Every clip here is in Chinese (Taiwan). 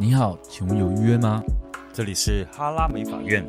你好，請問有預約嗎？這裡是哈拉美髮院。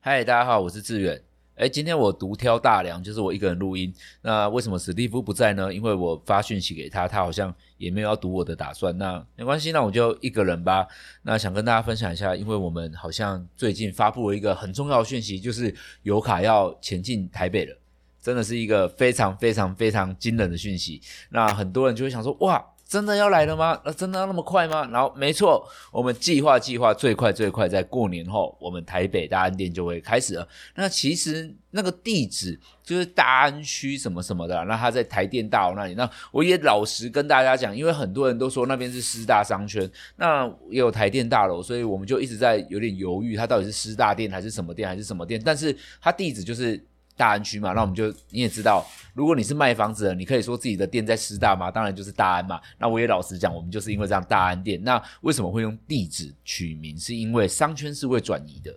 嗨，大家好，我是志遠。哎，今天我獨挑大梁，就是我一個人錄音。那為什麼史蒂夫不在呢？因為我發訊息給他，他好像也沒有要讀我的打算。那沒關係，那我就一個人吧。那想跟大家分享一下，因為我們好像最近發布了一個很重要的訊息，就是尤卡要前進台北了。真的是一個非常非常非常驚人的訊息。那很多人就會想說，哇！真的要來了嗎？那真的要那麼快嗎？然後，沒錯，我們計劃計劃最快最快在過年後，我們台北大安店就會開始了。那其實那個地址就是大安區什麼什麼的啊。那他在台電大樓那裡。那我也老實跟大家講，因為很多人都說那邊是師大商圈，那也有台電大樓，所以我們就一直在有點猶豫，它到底是師大店還是什麼店還是什麼店。但是它地址就是。大安區嘛，那我們就你也知道，如果你是賣房子的，你可以說自己的店在師大嘛，當然就是大安嘛。那我也老實講，我們就是因為這樣大安店。那為什麼會用地址取名？是因為商圈是會轉移的，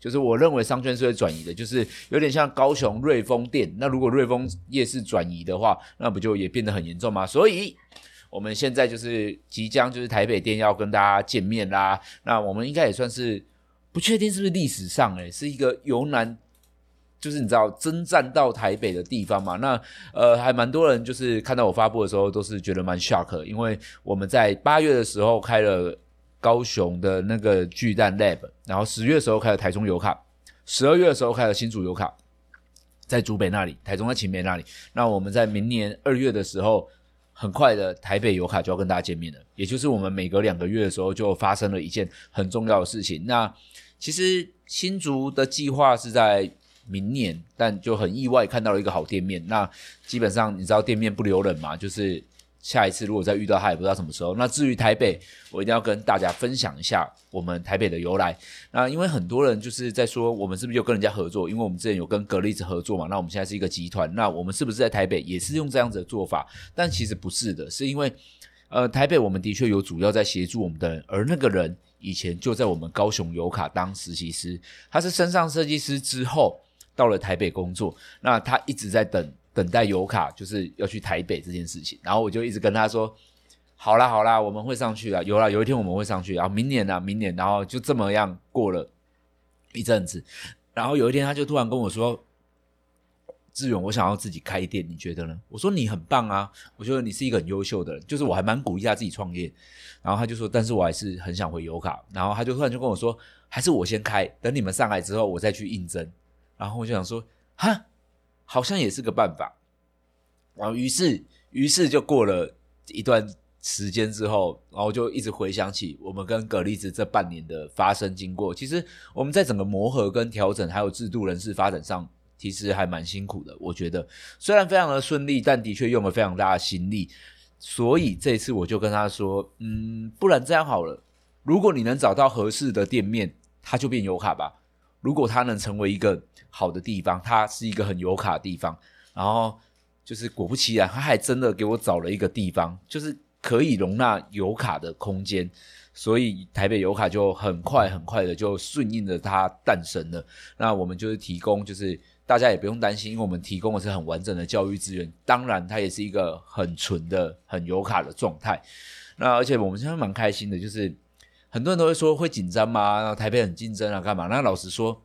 就是我認為商圈是會轉移的，就是有點像高雄瑞豐店。那如果瑞豐夜市轉移的話，那不就也變得很嚴重嗎？所以我們現在就是即將就是台北店要跟大家見面啦。那我們應該也算是不確定是不是歷史上誒、欸、是一個由南。就是你知道征戰到台北的地方嘛？那呃，還蠻多人就是看到我發佈的時候，都是覺得蠻 shock，因為我們在八月的時候開了高雄的那個巨蛋 lab，然後十月的時候開了台中尤卡，十二月的時候開了新竹尤卡，在竹北那裡，台中在前面那裡。那我們在明年二月的時候，很快的台北尤卡就要跟大家見面了。也就是我們每隔兩個月的時候，就發生了一件很重要的事情。那其實新竹的計劃是在。明年，但就很意外看到了一個好店面。那基本上你知道店面不留人嘛？就是下一次如果再遇到他，也不知道什麼時候。那至於台北，我一定要跟大家分享一下我們台北的由來。那因為很多人就是在說，我們是不是就跟人家合作？因為我們之前有跟格力子合作嘛。那我們現在是一個集團，那我們是不是在台北也是用這樣子的做法？但其實不是的，是因為呃台北我們的確有主要在協助我們的人，而那個人以前就在我們高雄尤卡當實習師，他是升上設計師之後。到了台北工作，那他一直在等等待尤卡，就是要去台北這件事情。然後我就一直跟他說：“好啦，好啦，我們會上去了，有啦，有一天我們會上去。啊”然後明年呢、啊，明年，然後就這麼樣過了一陣子。然後有一天，他就突然跟我說：“志勇，我想要自己開店，你覺得呢？”我說：“你很棒啊，我覺得你是一個很優秀的人，就是我還蠻鼓勵他自己創業。”然後他就說：“但是我還是很想回尤卡。”然後他就突然就跟我說：“還是我先開，等你們上來之後，我再去應徵。”然後我就想說，哈，好像也是個辦法。然後，於是，於是就過了一段時間之後，然後就一直回想起我們跟葛麗茲這半年的發生經過。其實我們在整個磨合、跟調整，還有制度、人事發展上，其實還蠻辛苦的，我覺得。雖然非常的順利，但的確用了非常大的心力。所以這一次我就跟他說，嗯，不然這樣好了，如果你能找到合適的店面，他就變尤卡吧。如果他能成為一個好的地方，他是一個很尤卡的地方，然後就是果不其然，他還真的給我找了一個地方，就是可以容納尤卡的空間，所以台北尤卡就很快很快的就順應了它誕生了。那我們就是提供，就是大家也不用擔心，因為我們提供的是很完整的教育資源，當然它也是一個很純的很尤卡的狀態。那而且我們現在蠻開心的，就是。很多人都會說，會緊張嗎？台北很競爭啊，幹嘛？那老實說，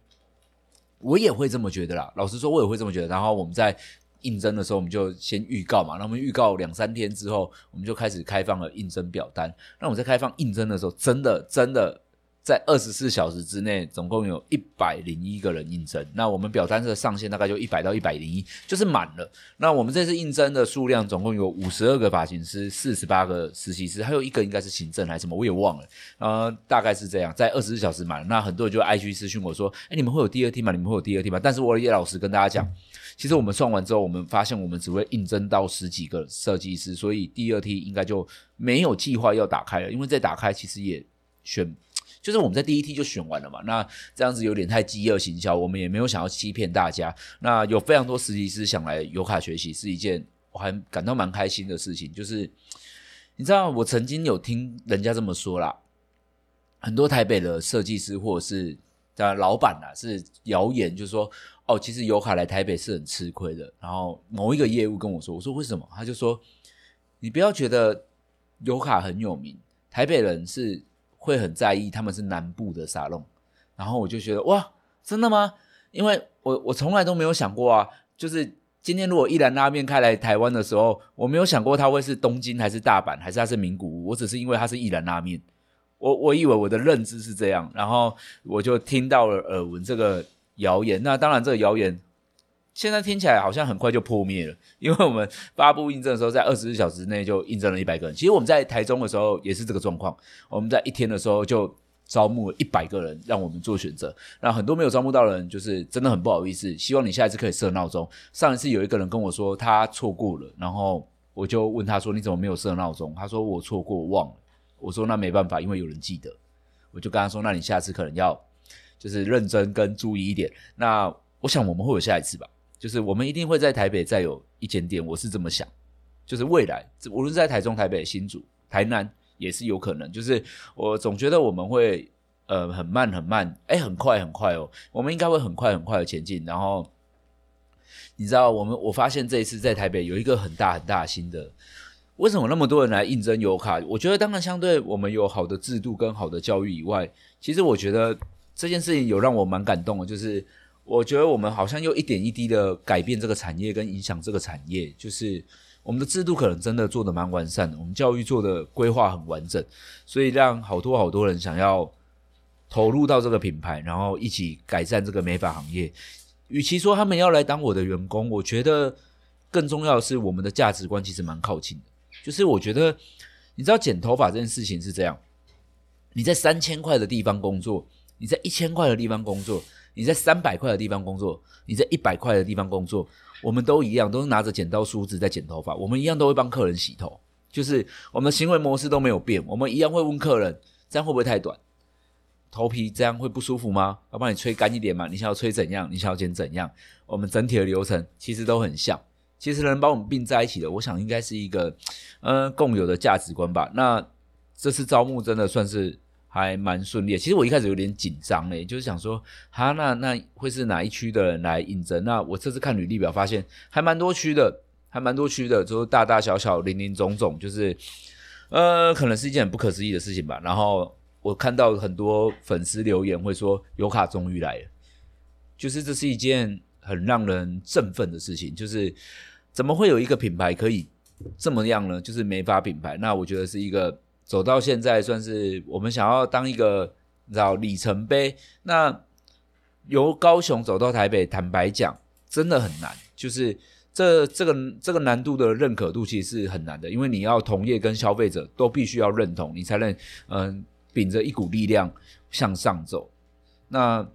我也會這麼覺得啦。老實說，我也會這麼覺得。然後我們在應徵的時候，我們就先預告嘛。那我們預告兩三天之後，我們就開始開放了應徵表單。那我們在開放應徵的時候，真的真的。在二十四小時之內，總共有一百零一個人應徵。那我們表單的上限大概就一百到一百零一，就是滿了。那我們這次應徵的數量總共有五十二個髮型師，四十八個實習師，還有一個應該是行政還是什麼，我也忘了。呃，大概是這樣，在二十四小時滿了。那很多人就 IG 私訊我說：“哎、欸，你們會有第二梯嗎？你們會有第二梯嗎？”但是我也老實跟大家講，其實我們算完之後，我們發現我們只會應徵到十幾個設計師，所以第二梯應該就沒有計劃要打開了。因為再打開，其實也選。就是我們在第一梯就選完了嘛，那這樣子有點太飢餓行銷。我們也沒有想要欺騙大家。那有非常多實習生想來尤卡學習，是一件我還感到蠻開心的事情。就是你知道，我曾經有聽人家這麼說啦，很多台北的設計師或者是當然老闆啊，是謠言，就是說哦，其實尤卡來台北是很吃虧的。然後某一個業務跟我說，我說為什麼？他就說，你不要覺得尤卡很有名，台北人是，會很在意他們是南部的沙龍，然後我就覺得哇，真的嗎？因為我我從來都沒有想過啊，就是今天如果一蘭拉麵開來台灣的時候，我沒有想過它會是東京還是大阪還是它是名古屋，我只是因為它是一蘭拉麵，我我以為我的認知是這樣，然後我就聽到了耳聞這個謠言，那當然這個謠言。現在聽起來好像很快就破滅了，因為我們發布應徵的時候，在二十四小時內就應徵了一百個人。其實我們在台中的時候也是這個狀況，我們在一天的時候就招募了一百個人讓我們做選擇。那很多沒有招募到的人，就是真的很不好意思。希望你下一次可以設鬧鐘。上一次有一個人跟我說他錯過了，然後我就問他說你怎麼沒有設鬧鐘？他說我錯過忘了。我說那沒辦法，因為有人記得。我就跟他說那你下次可能要就是認真跟注意一點。那我想我們會有下一次吧。就是我們一定會在台北再有一間店，我是這麼想。就是未來，無論在台中、台北、新竹、台南，也是有可能。就是我總覺得我們會呃很慢很慢，哎，很快很快哦。我們應該會很快很快的前進。然後你知道，我們我發現這一次在台北有一個很大很大的新的。為什麼那麼多人來應徵尤卡？我覺得當然相對我們有好的制度跟好的教育以外，其實我覺得這件事情有讓我蠻感動的，就是。我覺得我們好像又一點一滴的改變這個產業，跟影響這個產業。就是我們的制度可能真的做得蠻完善的，我們教育做的規劃很完整，所以讓好多好多人想要投入到這個品牌，然後一起改善這個美髮行業。與其說他們要來當我的員工，我覺得更重要的是我們的價值觀其實蠻靠近的。就是我覺得，你知道剪頭髮這件事情是這樣，你在三千塊的地方工作，你在一千塊的地方工作。你在三百塊的地方工作，你在一百塊的地方工作，我們都一樣，都是拿着剪刀梳子在剪頭髮，我們一樣都會幫客人洗頭，就是我們的行為模式都沒有變，我們一樣會問客人這樣會不會太短，頭皮這樣會不舒服嗎？要幫你吹乾一點嗎？你想要吹怎樣？你想要剪怎樣？我們整體的流程其實都很像，其實能把我們併在一起的，我想應該是一個嗯、呃，共有的價值觀吧。那這次招募真的算是。還蠻順利的，其實我一開始有點緊張嘞，就是想說，哈，那那會是哪一區的人來應徵？那我這次看履歷表發現，還蠻多區的，還蠻多區的，就是大大小小、林林總總，就是，呃，可能是一件很不可思議的事情吧。然後我看到很多粉絲留言會說，尤卡終於來了，就是這是一件很讓人振奮的事情，就是怎麼會有一個品牌可以這麼樣呢？就是美髮品牌，那我覺得是一個。走到現在算是我們想要當一個，你知道里程碑。那由高雄走到台北，坦白講，真的很難。就是這這個這個難度的認可度，其實是很難的，因為你要同業跟消費者都必須要認同，你才能嗯、呃，秉着一股力量向上走。那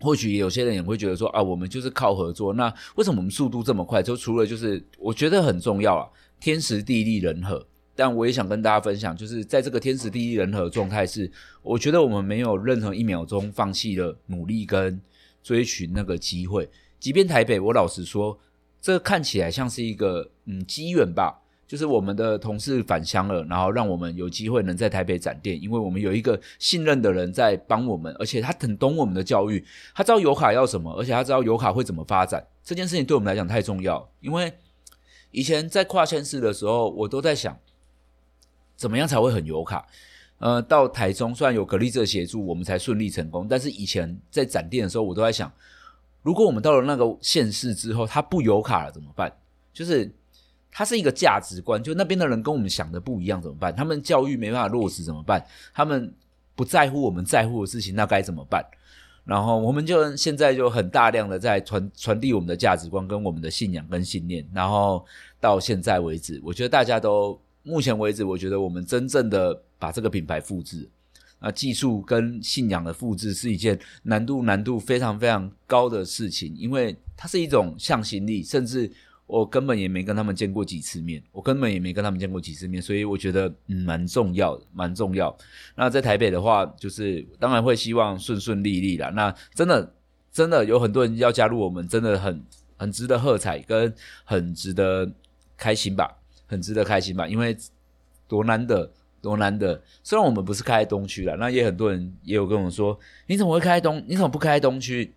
或許有些人也會覺得說啊，我們就是靠合作。那為什麼我們速度這麼快？就除了就是我覺得很重要啊，天時地利人和。但我也想跟大家分享，就是在這個天時地利人和的狀態，是我覺得我們沒有任何一秒鐘放棄了努力跟追尋那個機會。即便台北，我老實說，這看起來像是一個嗯機緣吧，就是我們的同事返鄉了，然後讓我們有機會能在台北展店，因為我們有一個信任的人在幫我們，而且他很懂我們的教育，他知道尤卡要什麼，而且他知道尤卡會怎麼發展。這件事情對我們來講太重要，因為以前在跨縣市的時候，我都在想。怎麼樣才會很尤卡？呃，到台中雖然有格力這協助，我們才順利成功。但是以前在展店的時候，我都在想，如果我們到了那個縣市之後，它不尤卡了怎麼辦？就是它是一個價值觀，就那邊的人跟我們想的不一樣怎麼辦？他們教育沒辦法落實怎麼辦？他們不在乎我們在乎的事情，那該怎麼辦？然後我們就現在就很大量的在傳傳遞我們的價值觀跟我們的信仰跟信念。然後到現在為止，我覺得大家都。目前為止，我覺得我們真正的把這個品牌複製，那，技術跟信仰的複製是一件難度難度非常非常高的事情，因為它是一種向心力。甚至我根本也沒跟他們見過幾次面，我根本也沒跟他們見過幾次面，所以我覺得嗯蠻重要的，蠻重要。那在台北的話，就是當然會希望順順利利啦，那真的真的有很多人要加入我們，真的很很值得喝彩跟很值得開心吧。很值得開心吧，因為多難得，多難得。雖然我們不是開東區啦，那也很多人也有跟我們說，你怎麼會開東？你怎麼不開東區？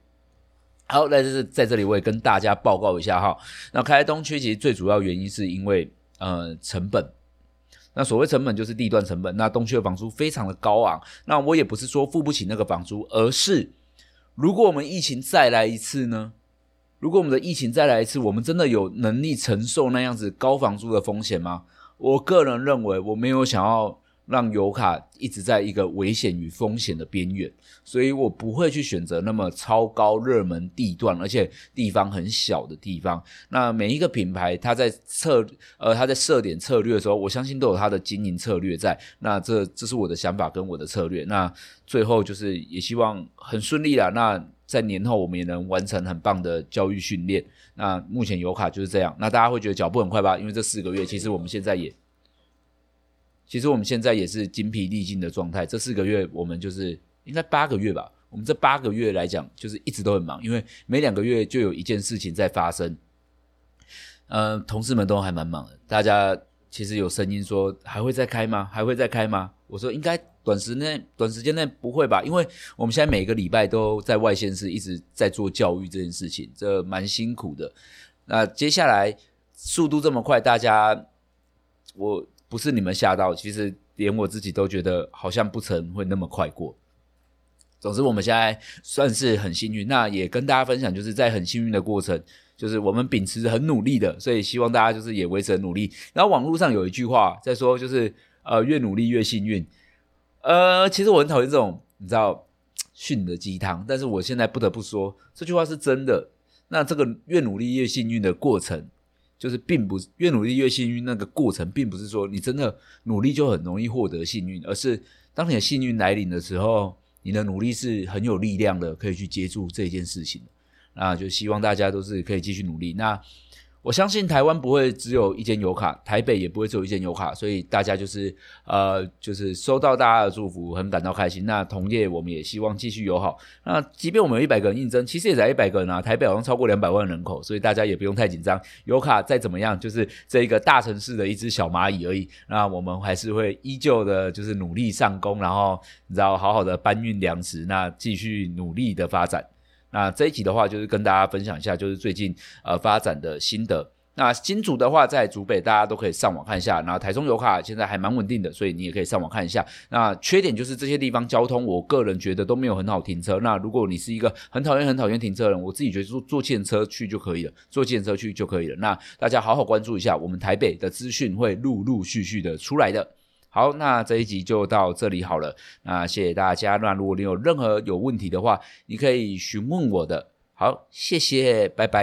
好，在這在這裡我也跟大家報告一下哈。那開東區其實最主要原因是因為呃成本。那所謂成本就是地段成本，那東區的房租非常的高昂。那我也不是說付不起那個房租，而是如果我們疫情再來一次呢？如果我們的疫情再來一次，我們真的有能力承受那樣子高房租的風險嗎？我個人認為，我沒有想要讓尤卡一直在一個危險與風險的邊緣，所以我不會去選擇那麼超高熱門地段，而且地方很小的地方。那每一個品牌它，他、呃、在測呃他在設點策略的時候，我相信都有他的經營策略在。那這這是我的想法跟我的策略。那最後就是也希望很順利啦。那。在年後，我們也能完成很棒的教育訓練。那目前尤卡就是這樣。那大家會覺得腳步很快吧？因為這四個月，其實我們現在也，其實我們現在也是精疲力盡的狀態。這四個月，我們就是應該八個月吧？我們這八個月來講，就是一直都很忙，因為每兩個月就有一件事情在發生。呃，同事們都還蠻忙的。大家其實有聲音說，還會再開嗎？還會再開嗎？我說應該。短時間內短時間內不會吧，因為我們現在每個禮拜都在外縣市一直在做教育這件事情，這蠻辛苦的。那接下來速度這麼快，大家我不是你們嚇到，其實連我自己都覺得好像不曾會那麼快過。總之我們現在算是很幸運，那也跟大家分享，就是在很幸運的過程，就是我們秉持很努力的，所以希望大家就是也維持很努力。然後網絡上有一句話在說，就是呃越努力越幸運。呃，其實我很討厭這種你知道訓的雞湯，但是我現在不得不說這句話是真的。那這個越努力越幸運的過程，就是並不越努力越幸運那個過程，並不是說你真的努力就很容易獲得幸運，而是當你的幸運來臨的時候，你的努力是很有力量的，可以去接住這件事情。那就希望大家都是可以繼續努力。那。我相信台灣不會只有一間尤卡，台北也不會只有一間尤卡，所以大家就是呃，就是收到大家的祝福，很感到開心。那同業我們也希望繼續友好。那即便我們有一百個人應徵，其實也才一百個人啊。台北好像超過兩百萬人口，所以大家也不用太緊張。尤卡再怎麼樣，就是這一個大城市的一隻小螞蟻而已。那我們還是會依舊的，就是努力上工，然後然後好好的搬運糧食，那繼續努力的發展。那這一集的話，就是跟大家分享一下，就是最近呃發展的心得。那金主的話，在竹北大家都可以上網看一下。那台中尤卡現在還蠻穩定的，所以你也可以上網看一下。那缺點就是這些地方交通，我個人覺得都沒有很好停車。那如果你是一個很討厭很討厭停車的人，我自己覺得坐坐計程車去就可以了，坐計程車去就可以了。那大家好好關注一下，我們台北的資訊會陸陸續續的出來的。好，那這一集就到這裡好了。那謝謝大家。那如果你有任何有問題的話，你可以詢問我的。好，謝謝，拜拜。